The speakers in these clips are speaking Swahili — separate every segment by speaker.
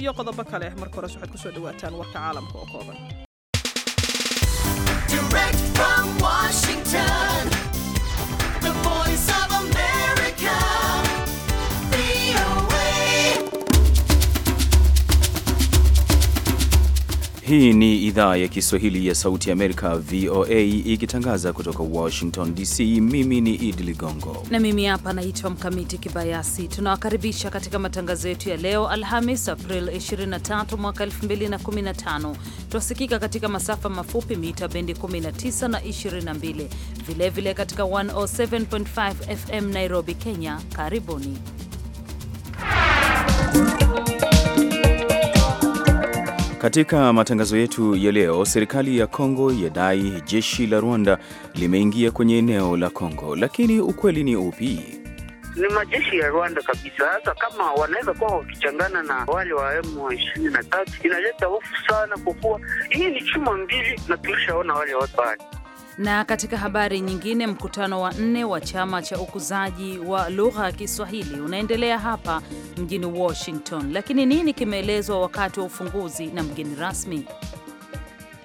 Speaker 1: iyo qodobo kale marka hores waxaad kusoo dhawaataan warka caalamka oo kooban
Speaker 2: Hii ni idhaa ya Kiswahili ya Sauti ya Amerika, VOA, ikitangaza kutoka Washington DC. Mimi ni Idi Ligongo
Speaker 1: na mimi hapa naitwa Mkamiti Kibayasi. Tunawakaribisha katika matangazo yetu ya leo Alhamis, April 23 mwaka 2015. Twasikika katika masafa mafupi mita bendi 19 na 22, vilevile katika 107.5 FM Nairobi, Kenya. Karibuni.
Speaker 2: Katika matangazo yetu ya leo, serikali ya Kongo yadai jeshi la Rwanda limeingia kwenye eneo la Kongo, lakini ukweli ni upi?
Speaker 3: Ni majeshi ya Rwanda kabisa. Hasa kama wanaweza kuwa wakichangana na wale wa M23, inaleta hofu sana, kwa kuwa hii ni chuma mbili na tulishaona wale watu wale
Speaker 1: na katika habari nyingine, mkutano wa nne wa chama cha ukuzaji wa lugha ya Kiswahili unaendelea hapa mjini Washington, lakini nini kimeelezwa wakati wa ufunguzi na mgeni rasmi?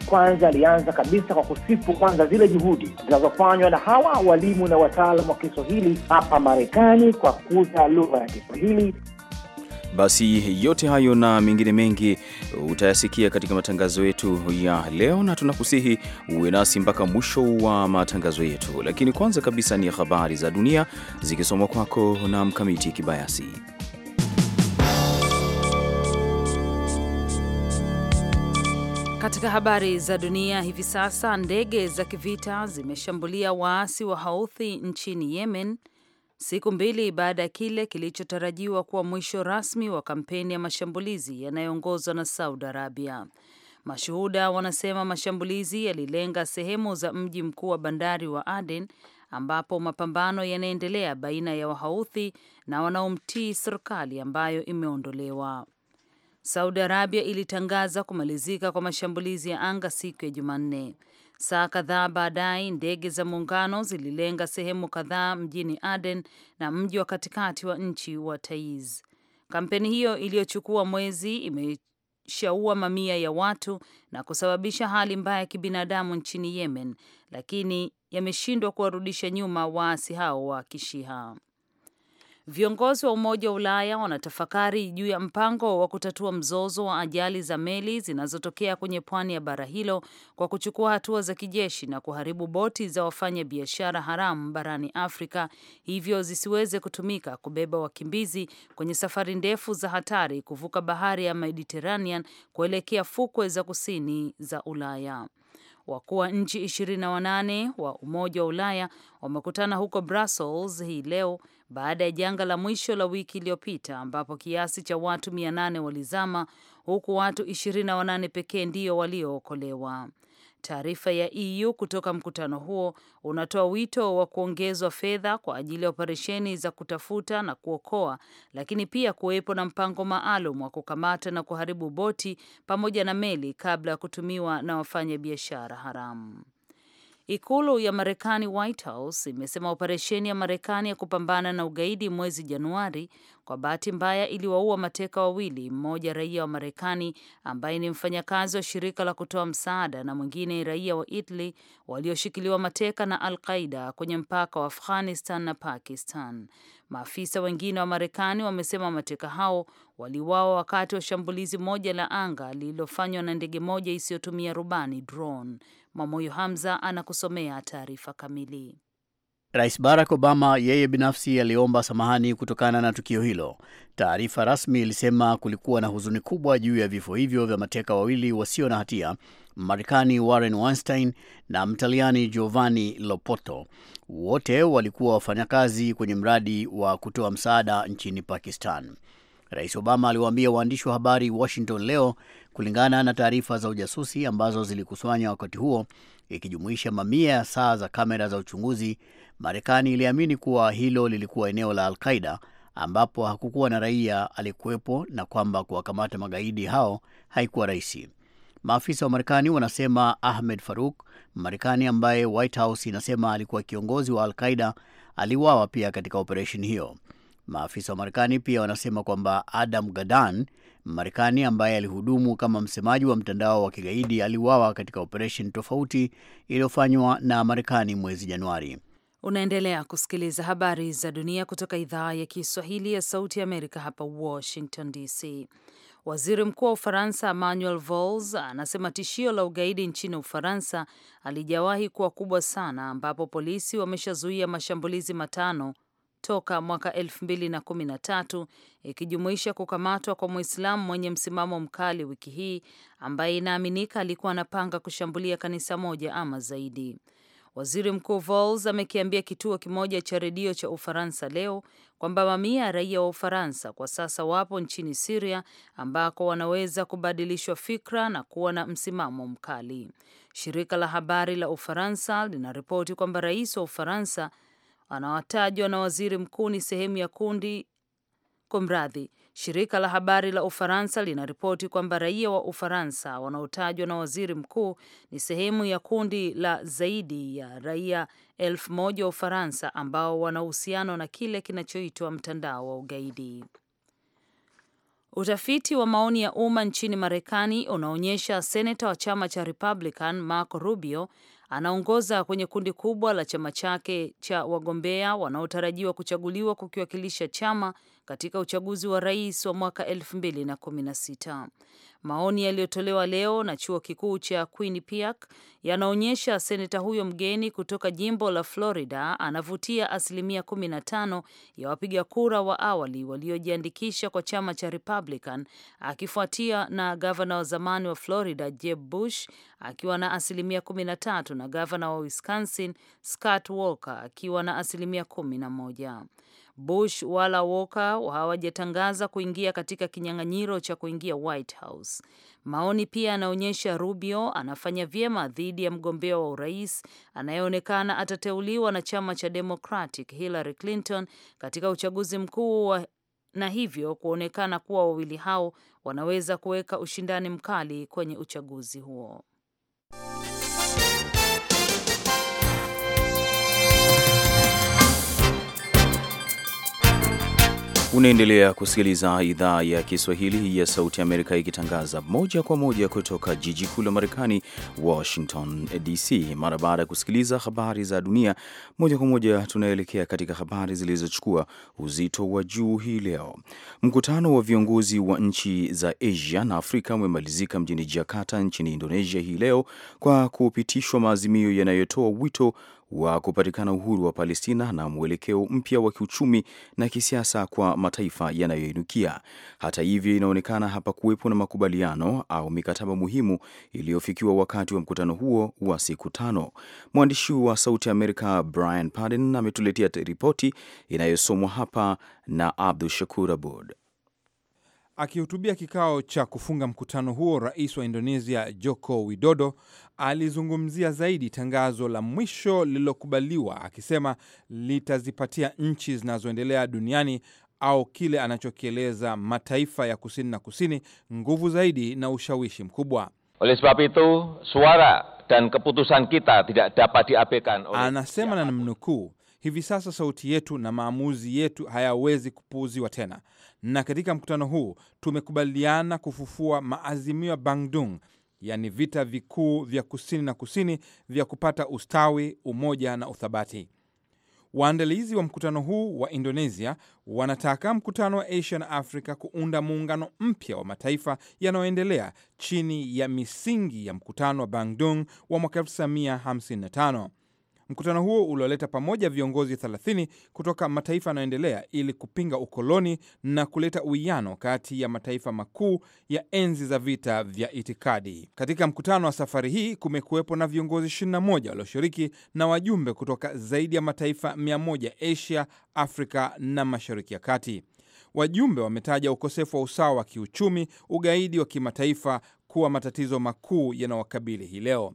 Speaker 4: Kwanza alianza kabisa kwa kusifu kwanza zile juhudi zinazofanywa na hawa walimu na wataalamu wa Kiswahili hapa Marekani kwa kuza lugha ya Kiswahili
Speaker 2: basi yote hayo na mengine mengi utayasikia katika matangazo yetu ya leo, na tunakusihi uwe nasi mpaka mwisho wa matangazo yetu. Lakini kwanza kabisa ni habari za dunia zikisomwa kwako na Mkamiti Kibayasi.
Speaker 1: Katika habari za dunia hivi sasa, ndege za kivita zimeshambulia waasi wa Houthi nchini Yemen siku mbili baada ya kile kilichotarajiwa kuwa mwisho rasmi wa kampeni ya mashambulizi yanayoongozwa na Saudi Arabia. Mashuhuda wanasema mashambulizi yalilenga sehemu za mji mkuu wa bandari wa Aden ambapo mapambano yanaendelea baina ya wahauthi na wanaomtii serikali ambayo imeondolewa. Saudi Arabia ilitangaza kumalizika kwa mashambulizi ya anga siku ya Jumanne. Saa kadhaa baadaye ndege za muungano zililenga sehemu kadhaa mjini Aden na mji wa katikati wa nchi wa Taiz. Kampeni hiyo iliyochukua mwezi imeshaua mamia ya watu na kusababisha hali mbaya ya kibinadamu nchini Yemen, lakini yameshindwa kuwarudisha nyuma waasi hao wa Kishiha. Viongozi wa Umoja wa Ulaya wanatafakari juu ya mpango wa kutatua mzozo wa ajali za meli zinazotokea kwenye pwani ya bara hilo kwa kuchukua hatua za kijeshi na kuharibu boti za wafanya biashara haramu barani Afrika, hivyo zisiweze kutumika kubeba wakimbizi kwenye safari ndefu za hatari kuvuka bahari ya Mediterranean kuelekea fukwe za kusini za Ulaya. Wakuu wa nchi 28 wa Umoja wa Ulaya wamekutana huko Brussels hii leo baada ya janga la mwisho la wiki iliyopita ambapo kiasi cha watu 800 walizama huku watu 28 pekee ndio waliookolewa. Taarifa ya EU kutoka mkutano huo unatoa wito wa kuongezwa fedha kwa ajili ya operesheni za kutafuta na kuokoa, lakini pia kuwepo na mpango maalum wa kukamata na kuharibu boti pamoja na meli kabla ya kutumiwa na wafanyabiashara haramu. Ikulu ya Marekani, White House, imesema operesheni ya Marekani ya kupambana na ugaidi mwezi Januari kwa bahati mbaya iliwaua mateka wawili, mmoja raia wa Marekani ambaye ni mfanyakazi wa shirika la kutoa msaada na mwingine raia wa Italy walioshikiliwa mateka na Al Qaida kwenye mpaka wa Afghanistan na Pakistan. Maafisa wengine wa Marekani wamesema mateka hao waliwawa wakati wa shambulizi moja la anga lililofanywa na ndege moja isiyotumia rubani drone. Mwamoyo Hamza anakusomea taarifa kamili.
Speaker 5: Rais Barack Obama yeye binafsi aliomba samahani kutokana na tukio hilo. Taarifa rasmi ilisema kulikuwa na huzuni kubwa juu ya vifo hivyo vya mateka wawili wasio na hatia, marekani Warren Weinstein na Mtaliani Giovanni lopoto Wote walikuwa wafanyakazi kwenye mradi wa kutoa msaada nchini Pakistan. Rais Obama aliwaambia waandishi wa habari Washington leo kulingana na taarifa za ujasusi ambazo zilikusanywa wakati huo, ikijumuisha mamia ya saa za kamera za uchunguzi. Marekani iliamini kuwa hilo lilikuwa eneo la alqaida ambapo hakukuwa na raia alikuwepo na kwamba kuwakamata magaidi hao haikuwa rahisi. Maafisa wa Marekani wanasema Ahmed Faruk, Marekani ambaye White House inasema alikuwa kiongozi wa alqaida aliwawa pia katika operesheni hiyo. Maafisa wa Marekani pia wanasema kwamba Adam Gadan Marekani ambaye alihudumu kama msemaji wa mtandao wa kigaidi aliuawa katika operesheni tofauti iliyofanywa na Marekani mwezi Januari.
Speaker 1: Unaendelea kusikiliza habari za dunia kutoka idhaa ya Kiswahili ya Sauti ya Amerika hapa Washington DC. Waziri Mkuu wa Ufaransa Emmanuel Valls anasema tishio la ugaidi nchini Ufaransa alijawahi kuwa kubwa sana, ambapo polisi wameshazuia mashambulizi matano toka mwaka 2013 ikijumuisha kukamatwa kwa Mwislamu mwenye msimamo mkali wiki hii ambaye inaaminika alikuwa anapanga kushambulia kanisa moja ama zaidi. Waziri Mkuu Valls amekiambia kituo kimoja cha redio cha Ufaransa leo kwamba mamia ya raia wa Ufaransa kwa sasa wapo nchini Siria ambako wanaweza kubadilishwa fikra na kuwa na msimamo mkali. Shirika la habari la Ufaransa linaripoti kwamba rais wa Ufaransa anawatajwa na waziri mkuu ni sehemu ya kundi Kumradhi, shirika la habari la Ufaransa linaripoti kwamba raia wa Ufaransa wanaotajwa na waziri mkuu ni sehemu ya kundi la zaidi ya raia elfu moja wa Ufaransa ambao wana uhusiano na kile kinachoitwa mtandao wa ugaidi. Utafiti wa maoni ya umma nchini Marekani unaonyesha seneta wa chama cha Republican Marco Rubio Anaongoza kwenye kundi kubwa la chama chake cha wagombea wanaotarajiwa kuchaguliwa kukiwakilisha chama katika uchaguzi wa rais wa mwaka 2016. Maoni yaliyotolewa leo na chuo kikuu cha Quinnipiac yanaonyesha seneta huyo mgeni kutoka jimbo la Florida anavutia asilimia 15 ya wapiga kura wa awali waliojiandikisha kwa chama cha Republican, akifuatia na gavana wa zamani wa Florida Jeb Bush akiwa na asilimia 13 na gavana wa Wisconsin Scott Walker akiwa na asilimia 11. Bush wala Walker hawajatangaza kuingia katika kinyang'anyiro cha kuingia White House. Maoni pia yanaonyesha Rubio anafanya vyema dhidi ya mgombea wa urais anayeonekana atateuliwa na chama cha Democratic Hillary Clinton katika uchaguzi mkuu wa na hivyo kuonekana kuwa wawili hao wanaweza kuweka ushindani mkali kwenye uchaguzi huo.
Speaker 2: Unaendelea kusikiliza idhaa ya Kiswahili ya Sauti ya Amerika ikitangaza moja kwa moja kutoka jiji kuu la Marekani, Washington DC. Mara baada ya kusikiliza habari za dunia moja kwa moja, tunaelekea katika habari zilizochukua uzito wa juu hii leo. Mkutano wa viongozi wa nchi za Asia na Afrika umemalizika mjini Jakarta nchini Indonesia hii leo kwa kupitishwa maazimio yanayotoa wito wa kupatikana uhuru wa Palestina na mwelekeo mpya wa kiuchumi na kisiasa kwa mataifa yanayoinukia. Hata hivyo, inaonekana hapa kuwepo na makubaliano au mikataba muhimu iliyofikiwa wakati wa mkutano huo wa siku tano. Mwandishi wa Sauti Amerika Brian Paden ametuletea ripoti inayosomwa hapa na Abdu Shakur Abud.
Speaker 6: Akihutubia kikao cha kufunga mkutano huo, rais wa Indonesia Joko Widodo alizungumzia zaidi tangazo la mwisho lililokubaliwa, akisema litazipatia nchi zinazoendelea duniani au kile anachokieleza mataifa ya kusini na kusini nguvu zaidi na ushawishi mkubwa. Oleh sebab itu suara dan keputusan kita
Speaker 2: tidak dapat diabaikan.
Speaker 6: Anasema na namnukuu, hivi sasa sauti yetu na maamuzi yetu hayawezi kupuuziwa tena, na katika mkutano huu tumekubaliana kufufua maazimio ya Bandung, yaani vita vikuu vya kusini na kusini vya kupata ustawi, umoja na uthabati. Waandalizi wa mkutano huu wa Indonesia wanataka mkutano wa Asia na Afrika kuunda muungano mpya wa mataifa yanayoendelea chini ya misingi ya mkutano wa Bandung wa mwaka 1955. Mkutano huo ulioleta pamoja viongozi 30 kutoka mataifa yanayoendelea ili kupinga ukoloni na kuleta uwiano kati ya mataifa makuu ya enzi za vita vya itikadi. Katika mkutano wa safari hii kumekuwepo na viongozi 21 walioshiriki na wajumbe kutoka zaidi ya mataifa 100 Asia, Afrika na Mashariki ya Kati. Wajumbe wametaja ukosefu wa usawa wa kiuchumi, ugaidi wa kimataifa kuwa matatizo makuu yanayowakabili hii leo.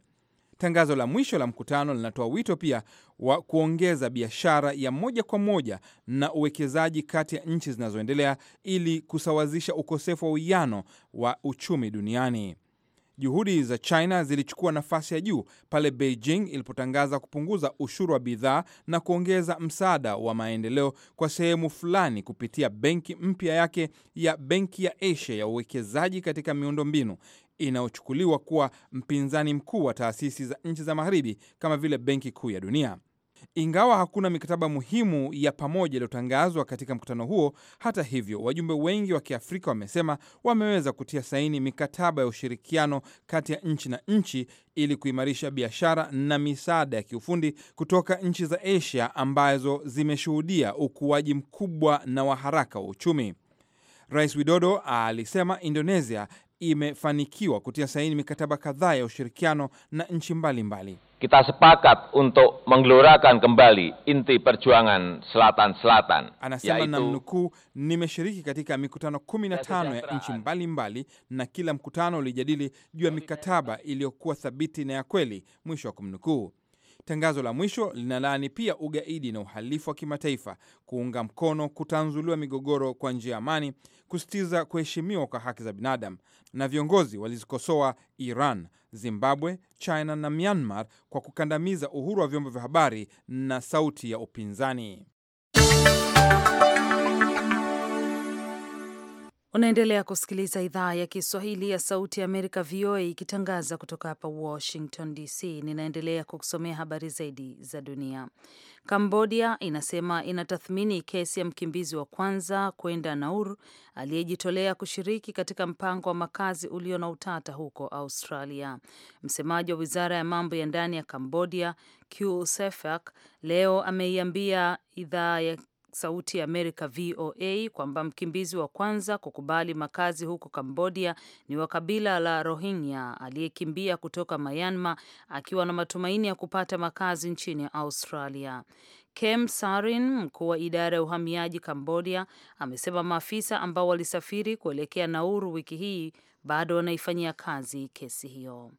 Speaker 6: Tangazo la mwisho la mkutano linatoa wito pia wa kuongeza biashara ya moja kwa moja na uwekezaji kati ya nchi zinazoendelea ili kusawazisha ukosefu wa uwiano wa uchumi duniani. Juhudi za China zilichukua nafasi ya juu pale Beijing ilipotangaza kupunguza ushuru wa bidhaa na kuongeza msaada wa maendeleo kwa sehemu fulani kupitia benki mpya yake ya Benki ya Asia ya uwekezaji katika miundombinu inayochukuliwa kuwa mpinzani mkuu wa taasisi za nchi za Magharibi kama vile Benki Kuu ya Dunia. Ingawa hakuna mikataba muhimu ya pamoja iliyotangazwa katika mkutano huo, hata hivyo, wajumbe wengi wa Kiafrika wamesema wameweza kutia saini mikataba ya ushirikiano kati ya nchi na nchi ili kuimarisha biashara na misaada ya kiufundi kutoka nchi za Asia ambazo zimeshuhudia ukuaji mkubwa na wa haraka wa uchumi. Rais Widodo alisema Indonesia imefanikiwa kutia saini mikataba kadhaa ya ushirikiano na nchi mbalimbali. Kita
Speaker 2: sepakat untuk menggelorakan kembali inti perjuangan selatan selatan. Anasema yaitu... namnukuu,
Speaker 6: nimeshiriki katika mikutano tano ya nchi mbalimbali na kila mkutano ulijadili juu ya mikataba iliyokuwa thabiti na ya kweli, mwisho wa kumnukuu. Tangazo la mwisho linalaani pia ugaidi na uhalifu wa kimataifa, kuunga mkono kutanzuliwa migogoro kwa njia ya amani, kusitiza kuheshimiwa kwa haki za binadamu. Na viongozi walizikosoa Iran, Zimbabwe, China na Myanmar kwa kukandamiza uhuru wa vyombo vya habari na sauti ya upinzani.
Speaker 1: Unaendelea kusikiliza idhaa ya Kiswahili ya Sauti ya Amerika, VOA, ikitangaza kutoka hapa Washington DC. Ninaendelea kukusomea habari zaidi za dunia. Kambodia inasema inatathmini kesi ya mkimbizi wa kwanza kwenda Nauru aliyejitolea kushiriki katika mpango wa makazi ulio na utata huko Australia. Msemaji wa wizara ya mambo ya ndani ya Kambodia, Q Sefak, leo ameiambia idhaa ya Sauti ya Amerika VOA kwamba mkimbizi wa kwanza kukubali makazi huko Kambodia ni wa kabila la Rohingya aliyekimbia kutoka Myanmar akiwa na matumaini ya kupata makazi nchini Australia. Kem Sarin, mkuu wa idara ya uhamiaji Kambodia, amesema maafisa ambao walisafiri kuelekea Nauru wiki hii bado wanaifanyia kazi kesi hiyo.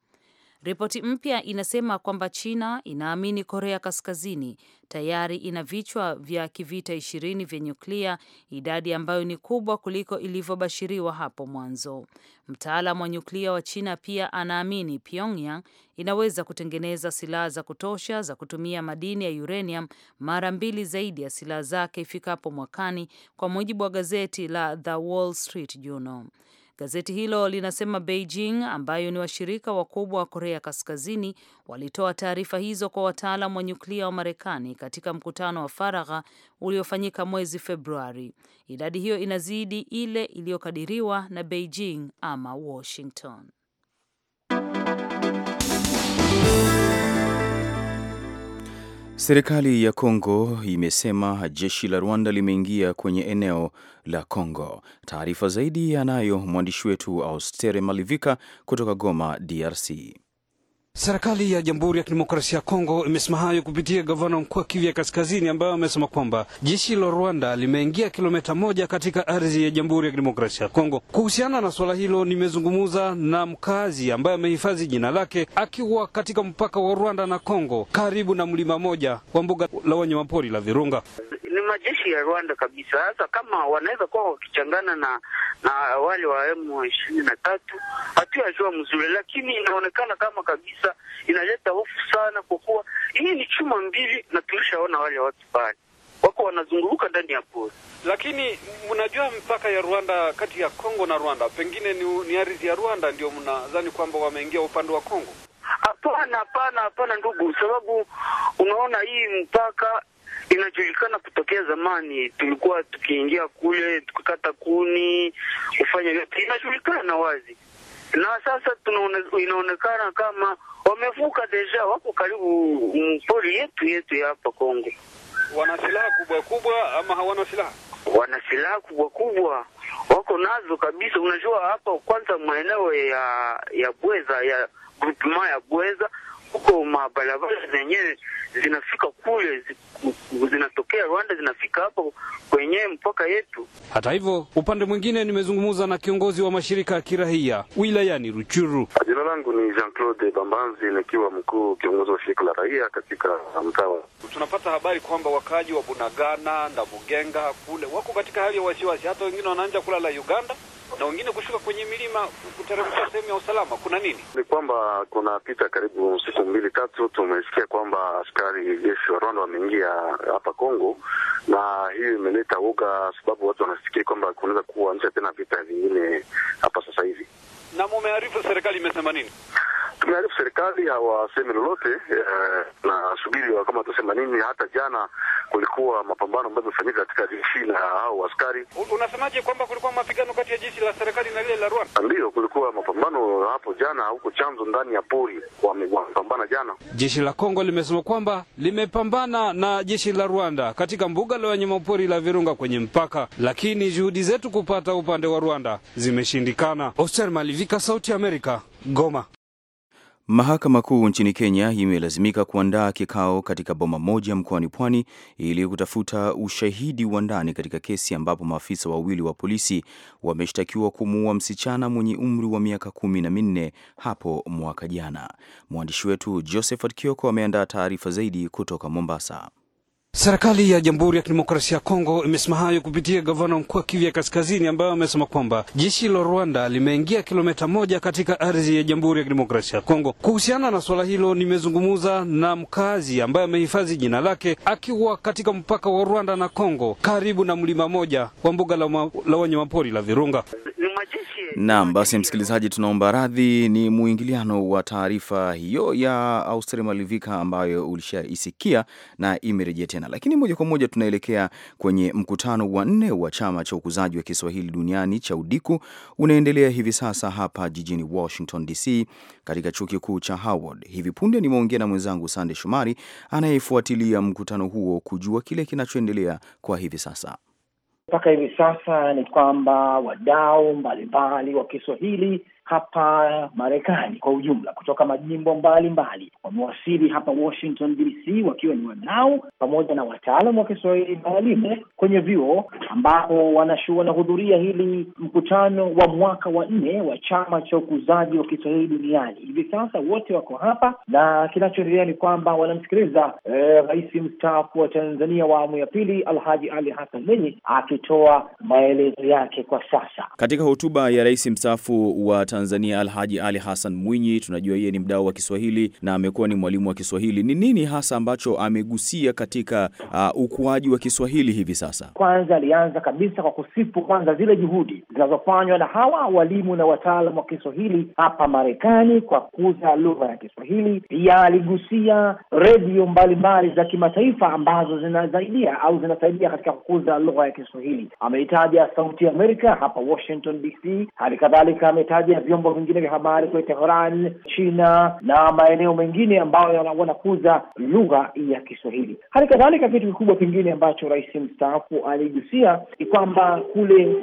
Speaker 1: Ripoti mpya inasema kwamba China inaamini Korea Kaskazini tayari ina vichwa vya kivita ishirini vya nyuklia, idadi ambayo ni kubwa kuliko ilivyobashiriwa hapo mwanzo. Mtaalam wa nyuklia wa China pia anaamini Pyongyang inaweza kutengeneza silaha za kutosha za kutumia madini ya uranium mara mbili zaidi ya silaha zake ifikapo mwakani, kwa mujibu wa gazeti la The Wall Street Journal. Gazeti hilo linasema Beijing, ambayo ni washirika wakubwa wa Korea Kaskazini, walitoa taarifa hizo kwa wataalam wa nyuklia wa Marekani katika mkutano wa faragha uliofanyika mwezi Februari. Idadi hiyo inazidi ile iliyokadiriwa na Beijing ama Washington.
Speaker 2: Serikali ya Kongo imesema jeshi la Rwanda limeingia kwenye eneo la Kongo. Taarifa zaidi anayo mwandishi wetu Austere Malivika kutoka Goma, DRC.
Speaker 7: Serikali ya Jamhuri ya Kidemokrasia ya Kongo imesema hayo kupitia gavana mkuu wa Kivu ya Kaskazini, ambayo amesema kwamba jeshi la Rwanda limeingia kilomita moja katika ardhi ya Jamhuri ya Kidemokrasia ya Kongo. Kuhusiana na suala hilo, nimezungumza na mkazi ambaye amehifadhi jina lake akiwa katika mpaka wa Rwanda na Kongo, karibu na mlima moja wa mbuga la wanyamapori la Virunga.
Speaker 3: Ni majeshi ya Rwanda kabisa. hasa kama wanaweza kuwa wakichangana na na wale wa M ishirini na tatu hatuyajua mzuri, lakini inaonekana kama kabisa kabisa, inaleta hofu sana, kwa kuwa hii ni chuma mbili, na tulishaona wale watu pale wako wanazunguruka ndani ya pori. Lakini mnajua mpaka ya Rwanda kati ya Kongo na Rwanda, pengine ni, ni ardhi ya
Speaker 7: Rwanda, ndio mnadhani kwamba wameingia upande wa Kongo?
Speaker 3: Hapana, hapana, hapana ndugu, sababu unaona hii mpaka inajulikana kutokea zamani, tulikuwa tukiingia kule tukikata kuni kufanya yote, inajulikana wazi na sasa inaonekana kama wamevuka deja, wako karibu mpori mm, yetu yetu ya hapa Kongo. Wana silaha kubwa kubwa ama hawana silaha? Wana silaha kubwa kubwa, wako nazo kabisa. Unajua hapa kwanza maeneo ya ya Bweza ya groupement ya Bweza, huko mabarabara zenyewe zinafika kule zinatokea Rwanda zinafika hapo kwenye mpaka yetu.
Speaker 7: Hata hivyo, upande mwingine, nimezungumza na kiongozi wa mashirika ya kirahia wilayani Ruchuru.
Speaker 3: Jina langu ni Jean Claude Bambanzi, nikiwa mkuu kiongozi wa shirika la raia katika mtaa. Tunapata habari kwamba wakaaji wa Bunagana, na bugenga kule
Speaker 7: wako katika hali ya wasiwasi, hata wengine wanaanza kulala Uganda na wengine kushuka kwenye milima
Speaker 3: kuteremkia sehemu ya usalama. Kuna nini? Ni kwamba kuna pita karibu siku mbili tatu, tumesikia kwamba askari jeshi wa Rwanda wameingia hapa Kongo, na hiyo imeleta uga sababu watu wanafikiri kwamba kunaweza kuwa ncha tena vita vingine hapa sasa hivi. Na mumearifu serikali imesema nini? Tumearifu serikali hawasemi lolote, eh, na subiri kama watasema nini. Hata jana kulikuwa mapambano ambayo yamefanyika katika jeshi na hao askari. Unasemaje kwamba kulikuwa mapigano kati ya jeshi la serikali na lile la Rwanda? Ndiyo, kulikuwa mapambano hapo jana huko chanzo ndani ya pori, wamepambana jana.
Speaker 7: Jeshi la Kongo limesema kwamba limepambana na jeshi la Rwanda katika mbuga la wanyamapori la Virunga kwenye mpaka, lakini juhudi zetu kupata upande wa Rwanda zimeshindikana. Oster Malivika, Sauti Amerika, Goma.
Speaker 2: Mahakama Kuu nchini Kenya imelazimika kuandaa kikao katika boma moja mkoani Pwani ili kutafuta ushahidi wa ndani katika kesi ambapo maafisa wawili wa polisi wameshtakiwa kumuua msichana mwenye umri wa miaka kumi na minne hapo mwaka jana. Mwandishi wetu Josephat Kioko ameandaa taarifa zaidi kutoka Mombasa. Serikali ya Jamhuri ya Kidemokrasia ya Kongo
Speaker 7: imesema hayo kupitia gavana mkuu wa Kivu ya Kaskazini, ambaye amesema kwamba jeshi la Rwanda limeingia kilomita moja katika ardhi ya Jamhuri ya Kidemokrasia ya Kongo. Kuhusiana na suala hilo, nimezungumza na mkazi ambaye amehifadhi jina lake akiwa katika mpaka wa Rwanda na Kongo, karibu na mlima moja wa mbuga la, la wanyamapori la Virunga.
Speaker 2: Naam, basi msikilizaji, tunaomba radhi, ni mwingiliano wa taarifa hiyo ya Austria Malivika ambayo ulishaisikia na imerejea tena, lakini moja kwa moja tunaelekea kwenye mkutano wa nne wa chama cha ukuzaji wa Kiswahili duniani cha Udiku unaendelea hivi sasa hapa jijini Washington DC, katika chuo kikuu cha Howard. Hivi punde nimeongea na mwenzangu Sande Shumari anayefuatilia mkutano huo kujua kile kinachoendelea kwa hivi sasa.
Speaker 4: Mpaka hivi sasa ni kwamba wadau mbalimbali wa Kiswahili hapa Marekani kwa ujumla, kutoka majimbo mbalimbali wamewasili hapa Washington DC, wakiwa ni wanao pamoja na wataalam wa Kiswahili na walimu kwenye vyuo, ambapo wanahudhuria hili mkutano wa mwaka wa nne wa chama cha ukuzaji wa Kiswahili duniani. Hivi sasa wote wako hapa na kinachoendelea ni kwamba wanamsikiliza eh, rais mstaafu wa Tanzania wa awamu ya pili Alhaji Ali Hassan Mwinyi akitoa maelezo yake kwa sasa
Speaker 2: katika hotuba ya rais mstaafu wa Tanzania Alhaji Ali Hassan Mwinyi, tunajua yeye ni mdau wa Kiswahili na amekuwa ni mwalimu wa Kiswahili. Ni nini hasa ambacho amegusia katika uh, ukuaji wa Kiswahili hivi sasa?
Speaker 4: Kwanza alianza kabisa kwa kusifu kwanza zile juhudi zinazofanywa na hawa walimu na wataalam wa Kiswahili hapa Marekani kwa kuza lugha ya Kiswahili. Pia aligusia redio mbalimbali za kimataifa ambazo zinasaidia au zinasaidia katika kukuza lugha ya Kiswahili. Ameitaja Sauti ya Amerika hapa Washington DC, hali kadhalika ametaja vyombo vingine vya habari kule Tehran, China na maeneo mengine ambayo wanakuza lugha ya Kiswahili. Hali kadhalika, kitu kikubwa kingine ambacho rais mstaafu aligusia ni kwamba kule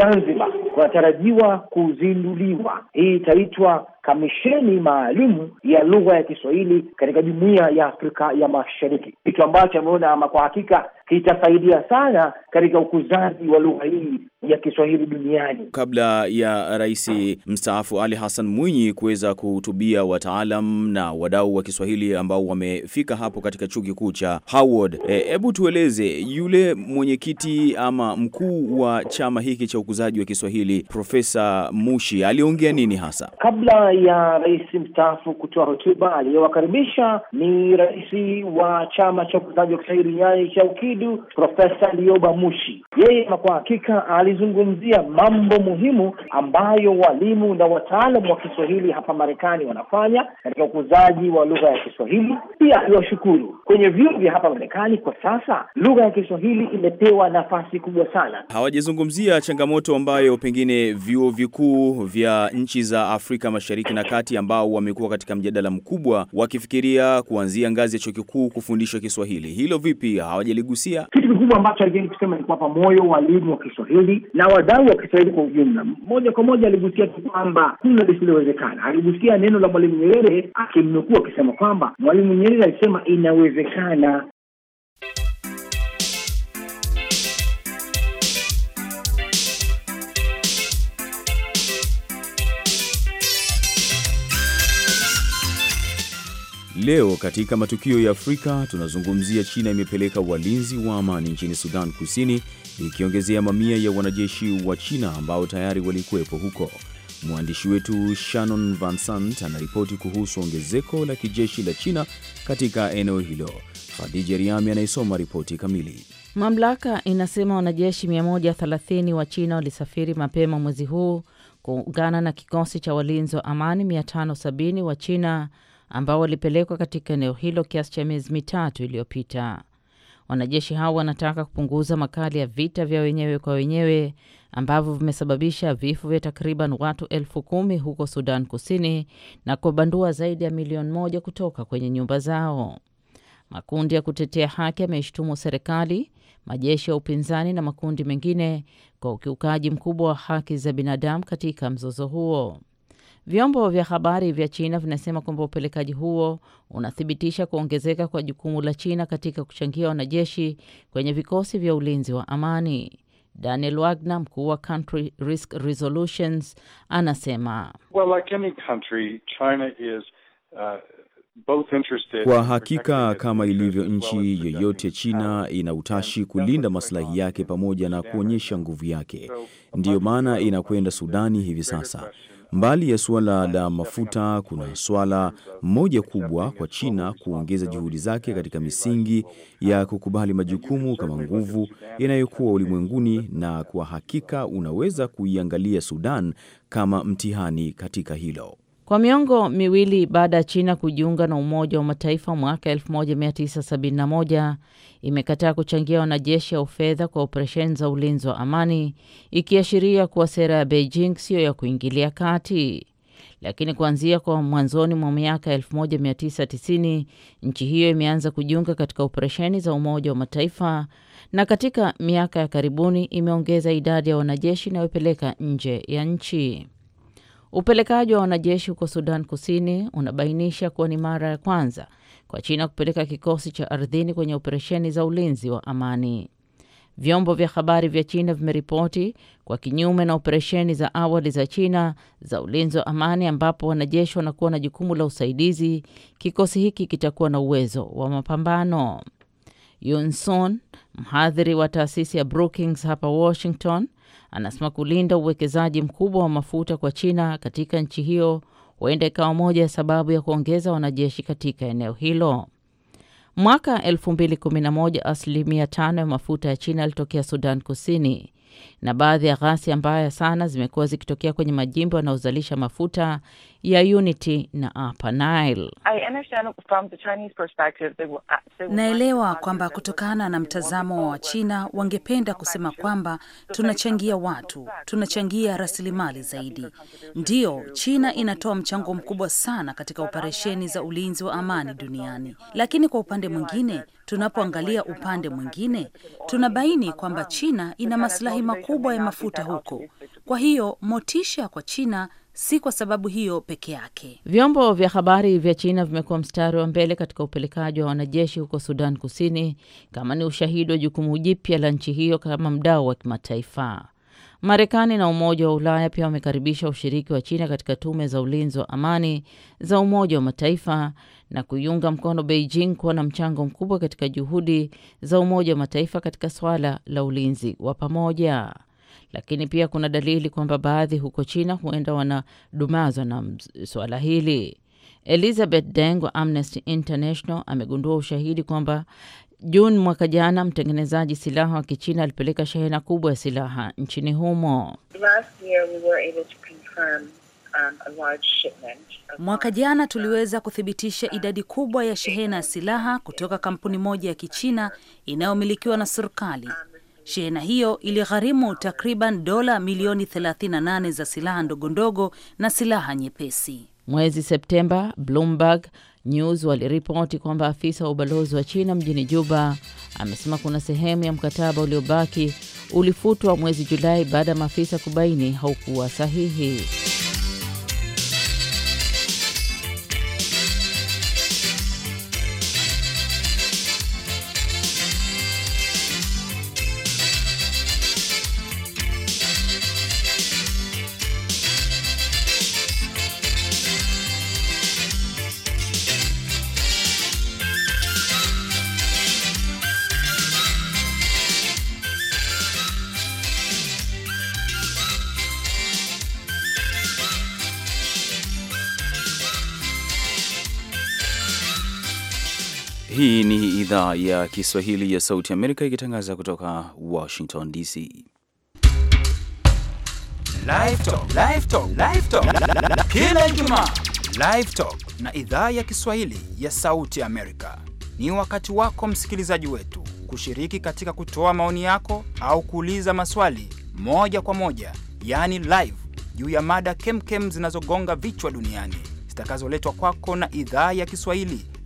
Speaker 4: Zanzibar kunatarajiwa kuzinduliwa hii itaitwa kamisheni maalum ya lugha ya Kiswahili katika jumuiya ya Afrika ya Mashariki, kitu ambacho ameona ama kwa hakika kitasaidia sana katika ukuzaji wa lugha hii ya Kiswahili duniani.
Speaker 2: Kabla ya Rais mstaafu Ali Hassan Mwinyi kuweza kuhutubia wataalam na wadau wa Kiswahili ambao wamefika hapo katika chuo kikuu cha Howard, eh, hebu e, tueleze yule mwenyekiti ama mkuu wa chama hiki cha ukuzaji wa Kiswahili Profesa Mushi aliongea nini hasa
Speaker 4: kabla ya rais mstaafu kutoa hotuba? Aliyowakaribisha ni rais wa chama cha ukuzaji wa Kiswahili yani cha UKIDU Profesa Lioba Mushi. Yeye kwa hakika alizungumzia mambo muhimu ambayo walimu na wataalamu wa Kiswahili hapa Marekani wanafanya katika ukuzaji wa lugha ya Kiswahili. Pia aliwashukuru kwenye vyuo vya hapa Marekani, kwa sasa lugha ya Kiswahili imepewa nafasi kubwa sana.
Speaker 2: Hawajazungumzia changamoto changamoto ambayo pengine vyuo vikuu vya nchi za Afrika Mashariki na Kati ambao wamekuwa katika mjadala mkubwa wakifikiria kuanzia ngazi ya chuo kikuu kufundisha Kiswahili. Hilo vipi? Hawajaligusia. Kitu
Speaker 4: kikubwa ambacho aligeni kusema ni kuwapa moyo walimu wa Kiswahili na wadau wa Kiswahili kwa ujumla. Moja kwa moja aligusia tu kwamba kuna lisilowezekana. Aligusia neno la Mwalimu Nyerere akimnukuu akisema kwamba Mwalimu Nyerere alisema inawezekana
Speaker 2: Leo katika matukio ya Afrika tunazungumzia, China imepeleka walinzi wa amani nchini Sudan Kusini, ikiongezea mamia ya wanajeshi wa China ambao tayari walikuwepo huko. Mwandishi wetu Shannon Vansant anaripoti kuhusu ongezeko la kijeshi la China katika eneo hilo. Khadija Riami anayesoma ripoti kamili.
Speaker 8: Mamlaka inasema wanajeshi 130 wa China walisafiri mapema mwezi huu kuungana na kikosi cha walinzi wa amani 570 wa China ambao walipelekwa katika eneo hilo kiasi cha miezi mitatu iliyopita. Wanajeshi hao wanataka kupunguza makali ya vita vya wenyewe kwa wenyewe ambavyo vimesababisha vifo vya takriban watu elfu kumi huko Sudan Kusini na kubandua zaidi ya milioni moja kutoka kwenye nyumba zao. Makundi ya kutetea haki yameishtumu serikali, majeshi ya upinzani na makundi mengine kwa ukiukaji mkubwa wa haki za binadamu katika mzozo huo. Vyombo vya habari vya China vinasema kwamba upelekaji huo unathibitisha kuongezeka kwa jukumu la China katika kuchangia wanajeshi kwenye vikosi vya ulinzi wa amani. Daniel Wagner, mkuu wa Country Risk Resolutions, anasema
Speaker 1: well, like any country, China is, uh, kwa
Speaker 2: hakika kama ilivyo nchi yoyote, China ina utashi kulinda maslahi yake pamoja na kuonyesha nguvu yake. Ndiyo maana inakwenda Sudani hivi sasa Mbali ya suala la mafuta, kuna suala moja kubwa kwa China kuongeza juhudi zake katika misingi ya kukubali majukumu kama nguvu inayokuwa ulimwenguni, na kwa hakika unaweza kuiangalia Sudan kama mtihani katika hilo.
Speaker 8: Kwa miongo miwili baada ya China kujiunga na Umoja wa Mataifa mwaka 1971 imekataa kuchangia wanajeshi au fedha kwa operesheni za ulinzi wa amani, ikiashiria kuwa sera ya Beijing siyo ya kuingilia kati. Lakini kuanzia kwa mwanzoni mwa miaka 1990 nchi hiyo imeanza kujiunga katika operesheni za Umoja wa Mataifa na katika miaka ya karibuni imeongeza idadi ya wanajeshi inayopeleka nje ya nchi. Upelekaji wa wanajeshi huko Sudan Kusini unabainisha kuwa ni mara ya kwanza kwa China kupeleka kikosi cha ardhini kwenye operesheni za ulinzi wa amani. Vyombo vya habari vya China vimeripoti kwa kinyume na operesheni za awali za China za ulinzi wa amani, ambapo wanajeshi wanakuwa na jukumu la usaidizi, kikosi hiki kitakuwa na uwezo wa mapambano. Yunson, mhadhiri wa taasisi ya Brookings hapa Washington, Anasema kulinda uwekezaji mkubwa wa mafuta kwa China katika nchi hiyo huenda ikawa moja ya sababu ya kuongeza wanajeshi katika eneo hilo. Mwaka 2011 asilimia tano ya mafuta ya China yalitokea Sudan Kusini, na baadhi ya ghasia mbaya sana zimekuwa zikitokea kwenye majimbo yanayozalisha mafuta ya Unity na Upper Nile.
Speaker 1: Naelewa kwamba kutokana na mtazamo wa China wangependa kusema kwamba tunachangia watu, tunachangia rasilimali zaidi. Ndiyo, China inatoa mchango mkubwa sana katika operesheni za ulinzi wa amani duniani, lakini kwa upande mwingine Tunapoangalia upande mwingine, tunabaini kwamba China ina masilahi makubwa ya mafuta huko. Kwa hiyo motisha kwa China si kwa sababu hiyo peke yake.
Speaker 8: Vyombo vya habari vya China vimekuwa mstari wa mbele katika upelekaji wa wanajeshi huko Sudan Kusini, kama ni ushahidi wa jukumu jipya la nchi hiyo kama mdau wa kimataifa. Marekani na Umoja wa Ulaya pia wamekaribisha ushiriki wa China katika tume za ulinzi wa amani za Umoja wa Mataifa na kuiunga mkono Beijing kuwa na mchango mkubwa katika juhudi za Umoja wa Mataifa katika swala la ulinzi wa pamoja. Lakini pia kuna dalili kwamba baadhi huko China huenda wanadumazwa na swala hili. Elizabeth Deng wa Amnesty International amegundua ushahidi kwamba Juni mwaka jana, mtengenezaji silaha wa Kichina alipeleka shehena
Speaker 1: kubwa ya silaha nchini humo. Um, mwaka jana tuliweza kuthibitisha idadi kubwa ya shehena ya silaha kutoka kampuni moja ya Kichina inayomilikiwa na serikali. Shehena hiyo iligharimu takriban dola milioni 38 za silaha ndogondogo na silaha nyepesi.
Speaker 8: Mwezi Septemba, Bloomberg News waliripoti kwamba afisa wa ubalozi wa China mjini Juba amesema kuna sehemu ya mkataba uliobaki ulifutwa mwezi Julai baada ya maafisa kubaini haukuwa sahihi.
Speaker 2: Hii ni idhaa ya Kiswahili ya Sauti Amerika ikitangaza kutoka Washington
Speaker 6: DC. Kila Ijumaa Live Talk na idhaa ya Kiswahili ya Sauti Amerika ni wakati wako msikilizaji wetu kushiriki katika kutoa maoni yako au kuuliza maswali moja kwa moja, yaani live, juu ya mada kemkem zinazogonga vichwa duniani zitakazoletwa kwako na idhaa ya Kiswahili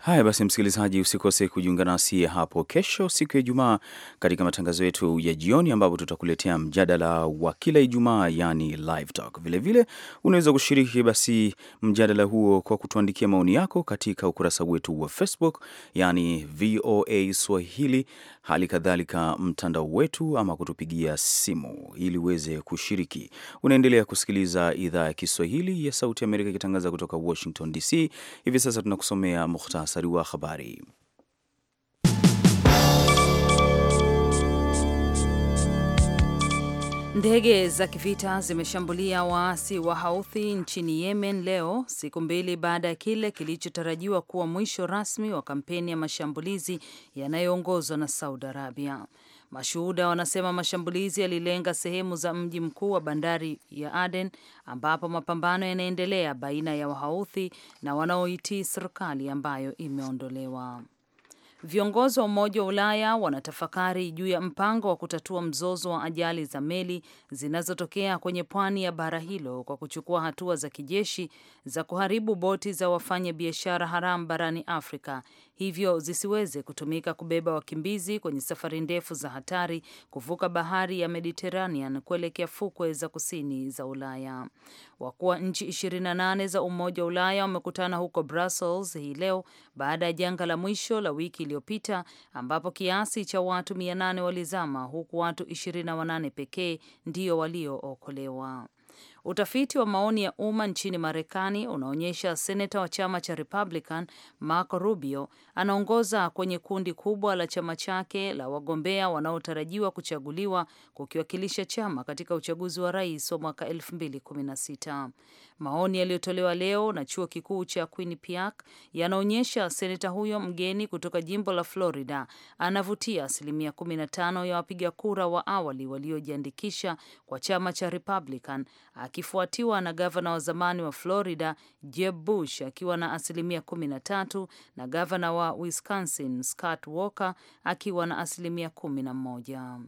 Speaker 2: Haya basi, msikilizaji, usikose kujiunga nasi hapo kesho, siku ya Ijumaa, katika matangazo yetu ya jioni, ambapo tutakuletea mjadala wa kila Ijumaa, yani live talk. Vilevile unaweza kushiriki basi mjadala huo kwa kutuandikia maoni yako katika ukurasa wetu wa Facebook, yani VOA Swahili, hali kadhalika mtandao wetu ama kutupigia simu ili uweze kushiriki. Unaendelea kusikiliza idhaa ya Kiswahili ya Sauti ya Amerika ikitangaza kutoka Washington DC. Hivi sasa tunakusomea muhtasari wa habari.
Speaker 1: Ndege za kivita zimeshambulia waasi wa Houthi nchini Yemen leo, siku mbili baada ya kile kilichotarajiwa kuwa mwisho rasmi wa kampeni ya mashambulizi yanayoongozwa na Saudi Arabia. Mashuhuda wanasema mashambulizi yalilenga sehemu za mji mkuu wa bandari ya Aden ambapo mapambano yanaendelea baina ya Wahauthi na wanaoitii serikali ambayo imeondolewa. Viongozi wa Umoja wa Ulaya wanatafakari juu ya mpango wa kutatua mzozo wa ajali za meli zinazotokea kwenye pwani ya bara hilo kwa kuchukua hatua za kijeshi za kuharibu boti za wafanyabiashara haramu barani Afrika hivyo zisiweze kutumika kubeba wakimbizi kwenye safari ndefu za hatari kuvuka bahari ya Mediterranean kuelekea fukwe za kusini za Ulaya. Wakuu wa nchi 28 za Umoja wa Ulaya wamekutana huko Brussels hii leo baada ya janga la mwisho la wiki iliyopita ambapo kiasi cha watu 800 walizama huku watu 28 pekee ndio waliookolewa. Utafiti wa maoni ya umma nchini Marekani unaonyesha seneta wa chama cha Republican Marco Rubio anaongoza kwenye kundi kubwa la chama chake la wagombea wanaotarajiwa kuchaguliwa kukiwakilisha chama katika uchaguzi wa rais wa mwaka 2016. Maoni yaliyotolewa leo na chuo kikuu cha Quinnipiac yanaonyesha seneta huyo mgeni kutoka jimbo la Florida anavutia asilimia 15 ya wapiga kura wa awali waliojiandikisha kwa chama cha Republican, akifuatiwa na gavana wa zamani wa Florida Jeb Bush akiwa na asilimia 13 na gavana wa Wisconsin Scott Walker akiwa na asilimia 11.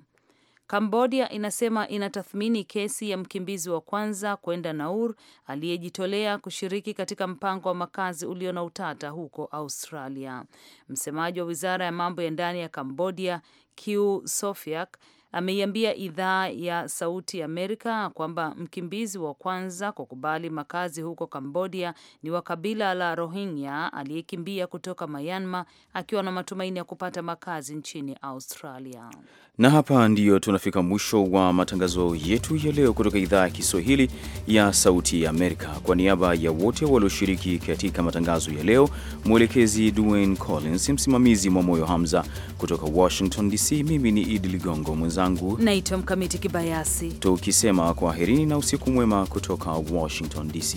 Speaker 1: Kambodia inasema inatathmini kesi ya mkimbizi wa kwanza kwenda naur aliyejitolea kushiriki katika mpango wa makazi ulio na utata huko Australia. Msemaji wa wizara ya mambo ya ndani ya Kambodia Q Sofiak ameiambia idhaa ya Sauti Amerika kwamba mkimbizi wa kwanza kukubali makazi huko Kambodia ni wa kabila la Rohingya aliyekimbia kutoka Myanmar akiwa na matumaini ya kupata makazi nchini Australia.
Speaker 2: Na hapa ndiyo tunafika mwisho wa matangazo yetu ya leo kutoka idhaa ya Kiswahili ya Sauti ya Amerika. Kwa niaba ya wote walioshiriki katika matangazo ya leo, mwelekezi Dwayne Collins, msimamizi mwa moyo Hamza kutoka Washington DC, mimi ni Idi Ligongo, mwenzangu
Speaker 1: naitwa Mkamiti Kibayasi,
Speaker 2: tukisema kwaherini na usiku mwema kutoka Washington DC.